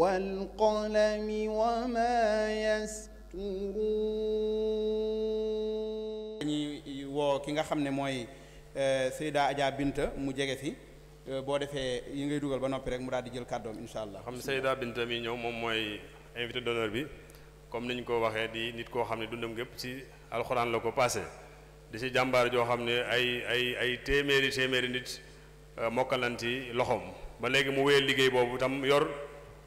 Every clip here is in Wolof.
والقلم وما يسطرون dañuy woo ki nga xam ne mooy euh, Seyda Adja Binta mu jege si euh, boo defee yi ngay dugal ba noppi rek mu daal di jël kàddoom insha allah xam ne Seyda Binta mi ñëw moom mooy invité d'honneur bi comme ni ñu ko waxee di nit koo xam ne dundam gépp ci alxuraan la ko passé di ci jàmbaar joo xam ne ay ay ay téeméeri téeméeri nit euh, mokkalanti loxoom ba léegi mu wéyal liggéey boobu tam yor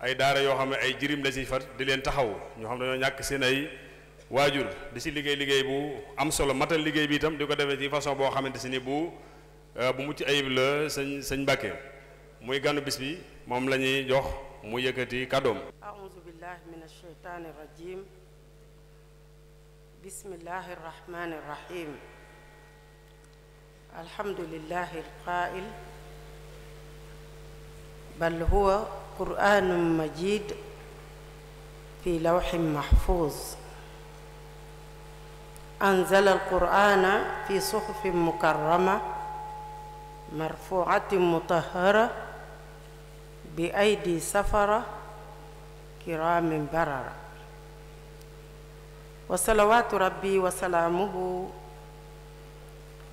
ay daara yoo xam ne ay jirim la ci far di leen taxaw ñoo xam dañoo ñàkk seen ay waajur di ci liggéey liggéey bu am solo matal liggéey bi itam di ko defee ci façon boo xamante si ni bu euh, bu mucc ayib la sëñ sëñ Mbàkke muy ganu bis bi moom lañuy jox mu yëkkati kàddoom aouzu billahi min asheytaani rajim bismillahi arrahmani arrahim alhamdulillahi alqail bal huwa quraanum majid fi lawxin maxfuuz anzala alqur'aana fi suxufin mukarrama marfuucatin mutahhara bi aydi safara kiraamin barara wa salawaatu rabbi wa salaamuhu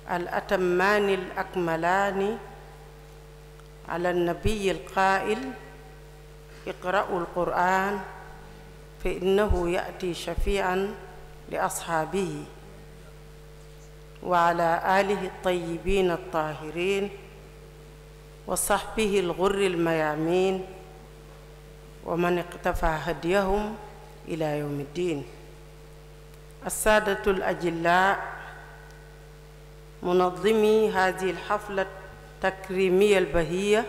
al atammaani al akmalaani ala nabiyi alqaa'il iqra'u alquran fa innahu ya'ti shafi'an li ashaabihi wa ala alihi altayyibin altahirin wa sahbihi alghurri almayamin wa man iqtafa hadiyahum ila yawmi ddin assaadatu alajilla منظمي هذه الحفلة التكريمية البهية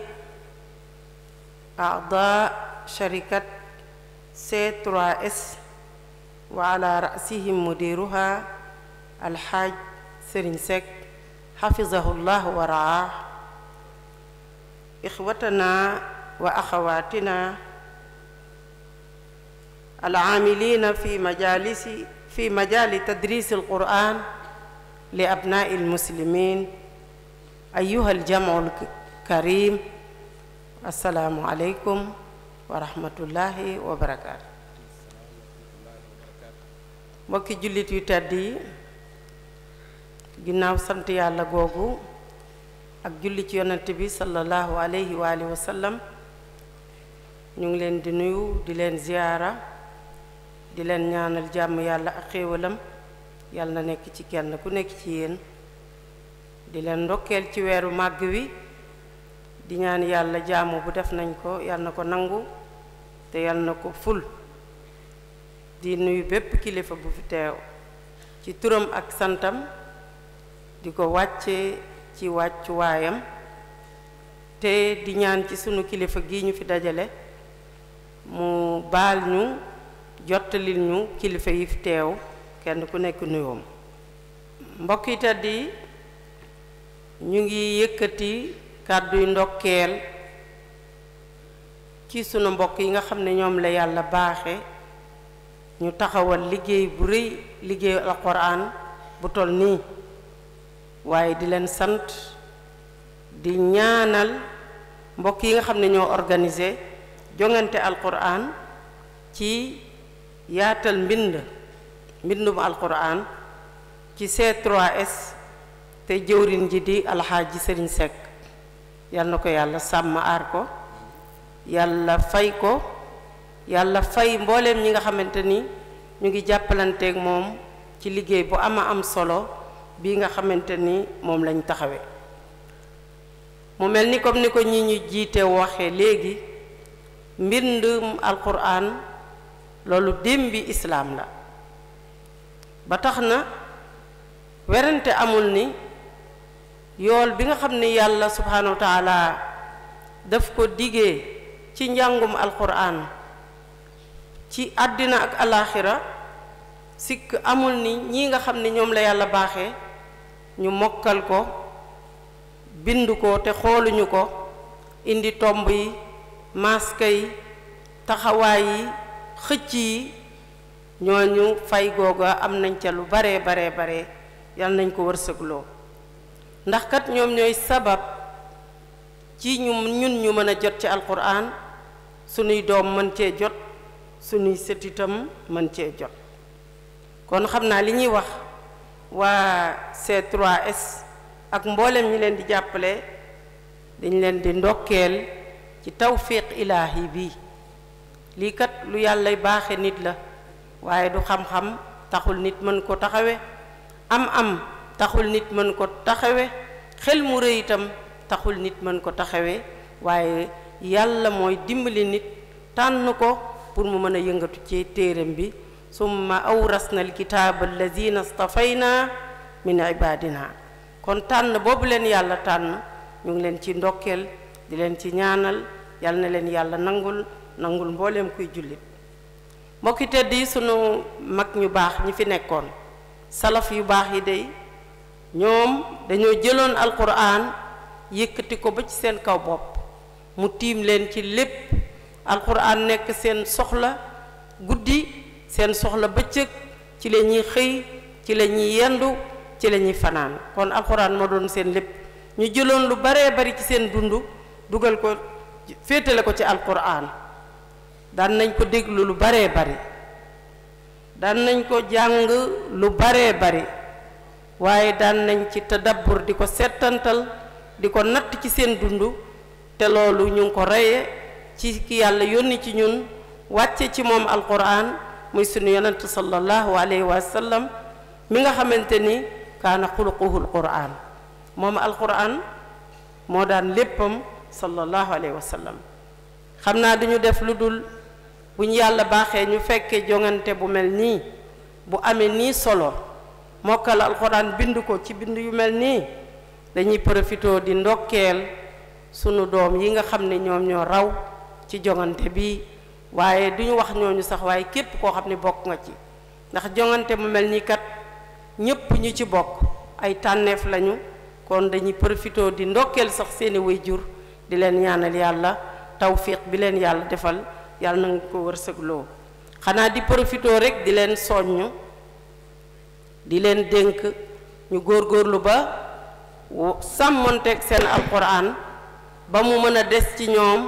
أعضاء شركة C3S وعلى رأسهم مديرها الحاج سرين سك حفظه الله ورعاه إخوتنا وأخواتنا العاملين في مجالس في مجال تدريس القرآن لأبناء المسلمين أيها الجمع الكريم asalaamualeykum wa rahmatullahi wa barakaatu mbokki jullit yu tedd yi ginnaaw sant yàlla googu ak julli ci yonent bi sallallahu alayhi wa alihi wa sallam ñu ngi leen di nuyu di leen ziyaara di leen ñaanal jàmm yàlla ak xéewalam yàlla na nekk ci kenn ku nekk ci yéen di leen ndokkeel ci weeru màgg wi di ñaan yàlla jaamu bu def nañ ko yàlla na ko nangu te yàlla na ko ful di nuyu bépp kilifa bu fi teew ci turam ak santam di ko wàcce ci wàccuwaayam te di ñaan ci sunu kilifa gi ñu fi dajale mu baal ñu jottalil ñu kilifa yi fi teew kenn ku nekk nuyoom mbokk yi ñu ngi yëkkati kàdduy ndokkeel ci sunu mbokk yi nga xam ne ñoom la yàlla baaxe ñu taxawal liggéey bu rëy liggéeyu alquran bu toll nii waaye di leen sant di ñaanal mbokk yi nga xam ne ñoo organiser jongante alquran ci yaatal mbind mbindum alquran ci C3S te jëwrin ji di ci sëriñ Seck yal na ko yàlla sàmm aar ko yàlla fay ko yàlla fay mbooleem ñi nga xamante ni ñu ngi jàppalanteeg moom ci liggéey bu ama am solo bi nga xamante ni moom lañ taxawe mu mel ni comme ni ko ñi ñu jiite waxe léegi mbir mbindum alquran loolu démbi islaam la ba tax na werante amul ni yool bi nga xam ne yàlla subhaanahu wa taala ko digee ci njàngum alquran ci àddina ak alaxira sikk amul ni ñi nga xam ne ñoom la yàlla baaxe ñu mokkal ko bind ko te xooluñu ko indi tomb yi maska yi taxawaay yi xëcc yi ñooñu fay googa am nañ ca lu baree baree bare yàlla nañ ko wërsëgloo ndax kat ñoom ñooy sabab ci ñu ñun ñu mën a jot ci alquran sunuy doom mën cee jot sunuy setitam mën cee jot kon xam naa li ñuy wax waa c s ak mboolem ñi leen di jàppale dañ leen di ndokkeel ci tawfiq ilaahi bi lii kat lu yàlla baaxe nit la waaye du xam-xam taxul nit mën ko taxawe am am taxul nit mën ko taxawe xel mu rëy itam taxul nit mën ko taxawe waaye yàlla mooy dimbali nit tànn ko pour mu mën a yëngatu ci téeram bi summa awrasna alkitaaba alladina stafayna min ibadina kon tànn boobu leen yàlla tànn ñu ngi leen ci ndokkeel di leen ci ñaanal yàlla na leen yàlla nangul nangul mbooleem kuy jullit mbokki tedd yi sunu mag ñu baax ñi fi nekkoon salaf yu baax yi day ñoom dañoo jëloon alquran yëkkati ko ba ci seen kaw bopp mu tiim leen ci lépp alquran nekk seen soxla guddi seen soxla bëccëg ci la ñuy xëy ci la ñuy yendu ci la ñuy fanaan kon alquran moo doon seen lépp ñu jëloon lu baree bari ci seen dund dugal ko féetale ko ci alquran daan nañ ko déglu lu baree bari daan nañ ko jàng lu baree bari waaye daan nañ ci tadabbur di ko seetantal di ko natt ci seen dund te loolu ñu ngi ko reye ci ki yàlla yónni ci ñun wàcce ci moom alquran muy sunu yonent sallallahu alayhi wa sallam mi nga xamante ni kaana xuluquhu alquran moom alquran moo daan léppam sallallahu alayhi wa sallam xam naa duñu def lu dul bu ñu yàlla baaxee ñu fekkee jongante bu mel nii bu amee nii solo mokkal alxuraan bind ko ci bind yu mel nii dañuy profité di ndokkeel sunu doom yi nga xam ne ñoom ñoo raw ci jongante bi waaye duñu wax ñooñu sax waaye képp koo xam ne bokk nga ci ndax jongante mu mel nii kat ñépp ñu ci bokk ay tànneef lañu kon dañuy profité di ndokkeel sax seeni jur di leen ñaanal yàlla tawfiq bi leen yàlla defal yàlla na nga ko wërsëgloo xanaa di profité rek di leen soññ di leen dénk ñu góor góorlu ba sàmmonteeg seen alquran ba mu mën a des ci ñoom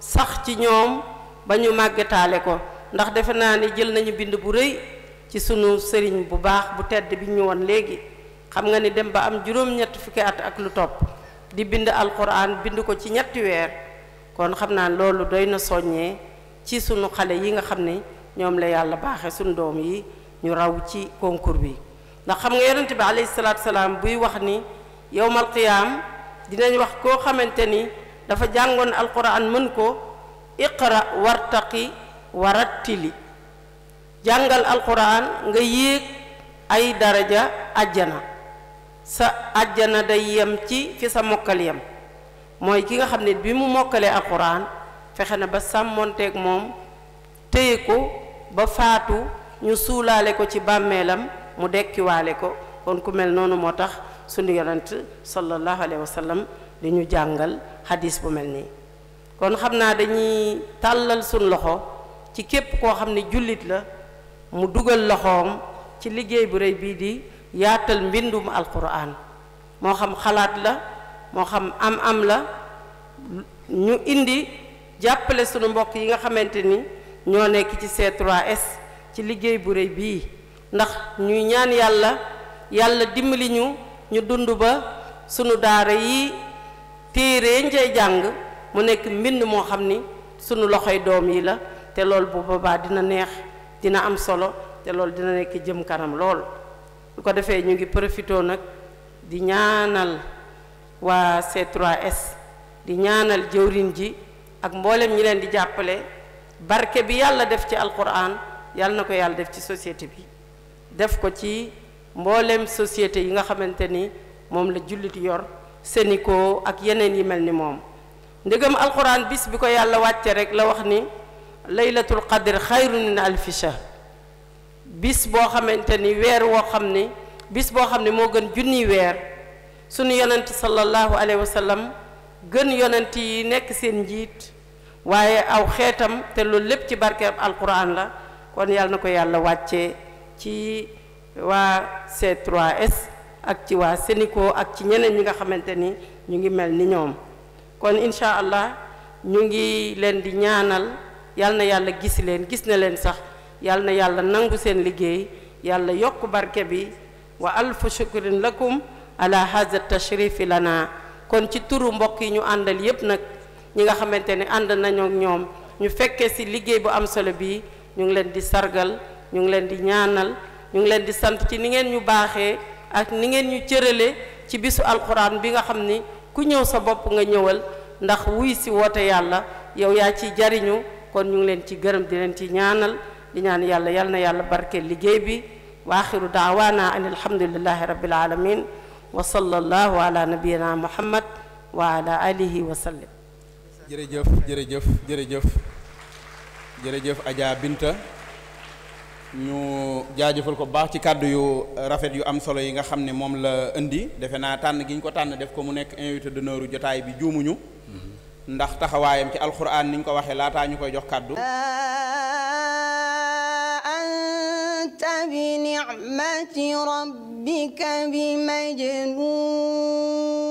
sax ci ñoom ba ñu màggataale ko ndax defe naa ni jël nañu bind bu rëy ci sunu sëriñ bu baax bu tedd bi ñu woon léegi xam nga ni dem ba am juróom-ñett fukki at ak lu topp di bind alquran bind ko ci ñetti weer kon xam naa loolu doy na soññee ci sunu xale yi nga xam ne ñoom la yàlla baaxe sunu doom yi ñu raw ci concours bi ndax xam nga yonent bi alayhi salaam buy wax ni yowmal qiyaam dinañ wax koo xamante ni dafa jàngoon alquran mën ko iqra wartaqi warattili jàngal alquran nga yéeg ay daraja àjjana sa àjjana day yem ci fi sa mokkal yem mooy ki nga xam ne bi mu mokkalee alquran fexe na ba sàmmonteeg moom téye ko ba faatu ñu suulaale ko ci bàmmeelam mu dekkiwaale ko kon ku mel noonu moo tax sunu yonent sallallahu alayhi wa sallam ñu jàngal hadis bu mel nii kon xam naa dañuy tàllal suñ loxo ci képp koo xam ne jullit la mu dugal loxoom ci liggéey bu rëy bii di yaatal mbindum alquran moo xam xalaat la moo xam am am la ñu indi jàppale sunu mbokk yi nga xamante ni ñoo nekk ci C3S ci liggéey bu rëy bii ndax ñuy ñaan yàlla yàlla dimbali ñu ñu dund ba sunu daara yi téere yañ jàng mu nekk mbind moo xam ni sunu loxoy doom yi la te lool bu boobaa dina neex dina am solo te loolu dina nekk jëm kanam lool lu ko defee ñu ngi profitoo nag di ñaanal waa C3S di ñaanal jëwrin ji ak mboolem ñi leen di jàppale barke bi yàlla def ci alquran yàlla na ko yàlla def ci société bi def ko ci mboolem société yi nga xamante ni moom la jullit yor senikoo ak yeneen yi mel ni moom ndegam alxuraan bis bi ko yàlla wàcce rek la wax ni laylatul qadr xayrun min alfi shahr bis boo xamante ni weer woo xam ni bis boo xam ne moo gën junni weer sunu yonent sallallahu alayhi wa sallam gën yonent yi nekk seen njiit waaye aw xeetam te loolu lépp ci barkeeb alquran la kon yàlla na ko yàlla wàccee ci waa C3S ak ci waa seniko ak ci ñeneen ñi nga xamante ni ñu ngi mel ni ñoom kon incha allah ñu ngi leen di ñaanal yal na yàlla gis leen gis na leen sax yal na yàlla nangu seen liggéey yàlla yokk barke bi waa alfu shukrin lakum ala hadha tashrifi lana kon ci turu mbokk yi ñu àndal yépp nag ñi nga xamante ni ànd nañu ñoom ñu fekkee ci liggéey bu am solo bi ñu ngi leen di sargal ñu ngi leen di ñaanal ñu ngi leen di sant ci ni ngeen ñu baaxee ak ni ngeen ñu cërale ci bisu alxuraan bi nga xam ni ku ñëw sa bopp nga ñëwal ndax wuy si woote yàlla yow yaa ciy jariñu kon ñu ngi leen ci gërëm di leen ci ñaanal di ñaan yàlla yal na yàlla barkeel liggéey bi waa axiru daawaana an alhamdulillahi rabbil alamin wa sallallahu ala nabiyina muhammad wa ala alihi wa sallam jërëjëf jërëjëf jërëjëf jërëjëf Adja Binta ñu jaajëfal ko baax ci kàddu yu rafet yu am solo yi nga xam ne moom la indi defe naa tànn gi ñu ko tànn def ko mu nekk invité de u jotaay bi juumuñu ndax taxawaayam ci alxuraan ni ñu ko waxee laataa ñu koy jox kàddu anta bi ni'mati rabbika bi majnun